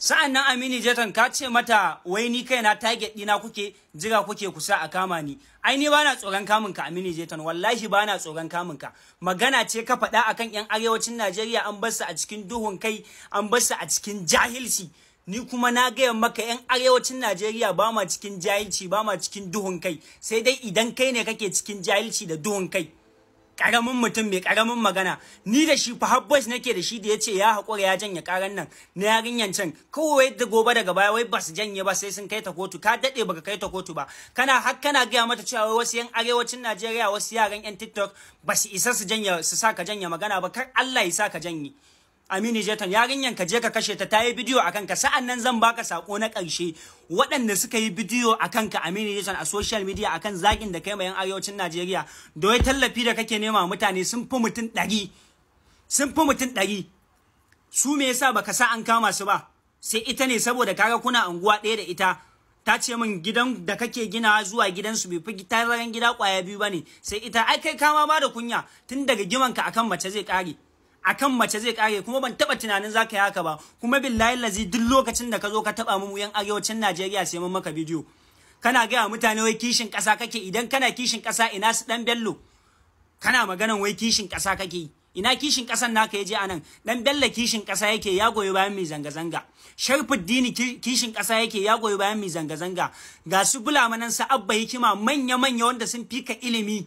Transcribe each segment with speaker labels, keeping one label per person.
Speaker 1: sa'an nan amini jatan ka ce mata wai ni kai na target dina kuke jira kuke kusa a kama ni ai ni bana tsoron kamun ka amini jatan wallahi bana tsoron kamun ka magana ce ka faɗa akan yan arewacin Najeriya an bar su a cikin duhun kai an bar su a cikin jahilci ni kuma na gaya maka yan arewacin Najeriya ba ma cikin jahilci ba ma cikin duhun kai sai dai idan kai ne kake cikin jahilci da duhun kai karamin mutum mai karamin magana ni da shi fa har boys nake da shi da yace ya hakura ya janye karan nan na yarinyan can kowa da gobe daga baya wai ba su janye ba sai sun kai ta kotu ka dade baka kai ta kotu ba kana har kana ga mata cewa wasu yan arewacin Najeriya wasu yaran yan TikTok ba su isa su janye su saka janye magana ba kar Allah ya saka janye Aminu Jeton yarinyan ka je ka kashe ta tayi bidiyo akan ka sa'an nan zan baka sako na karshe waɗanda suka yi bidiyo akan ka Aminu Jeton a social media akan zakin da kai mayan arewacin Najeriya da wai tallafi da kake nema mutane sun fi mutum ɗari sun fi mutum ɗari su me yasa baka sa an kama su ba sai ita ne saboda kaga kuna anguwa ɗaya da ita ta ce min gidan da kake ginawa zuwa gidansu bai fi tararen gida kwaya biyu ne sai ita ai kai kama ma da kunya tun daga gimanka akan mace zai kare akan mace zai kare kuma ban taba tunanin zaka yi haka ba kuma billahi lazi duk lokacin da ka zo ka taba mu yan arewacin Najeriya sai mun maka bidiyo kana gaya mutane wai kishin kasa kake idan kana kishin kasa ina su dan bello kana maganan wai kishin kasa kake ina kishin kasan naka yaje anan dan bello kishin kasa yake ya goyi bayan mai zanga zanga dini kishin kasa yake ya goyi bayan mai zanga zanga ga su bulamanan sa abba hikima manya manya wanda sun fika ilimi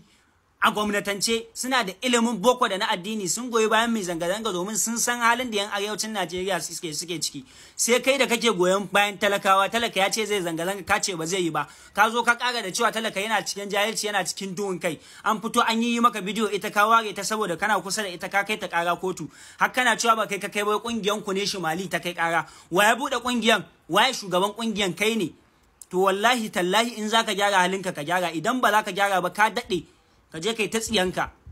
Speaker 1: a gwamnatance suna da ilimin boko da na addini sun goyi bayan mai zanga-zanga domin sun san halin da yan arewacin Najeriya suke suke ciki sai kai da kake goyon bayan talakawa talaka ya ce zai zanga-zanga ka ce ba zai yi ba ka zo ka kara da cewa talaka yana cikin jahilci yana cikin duhun kai an fito an yi maka bidiyo ita ka ware ta saboda kana kusa da ita ka kai ta kara kotu har kana cewa ba kai ka kai ba kungiyan ku ne shimali ta kai kara waye bude kungiyan waye shugaban kungiyan kai ne to wallahi tallahi in zaka gyara halinka ka gyara idan ba za ka gyara ba ka dade ka je kai ta tsiyanka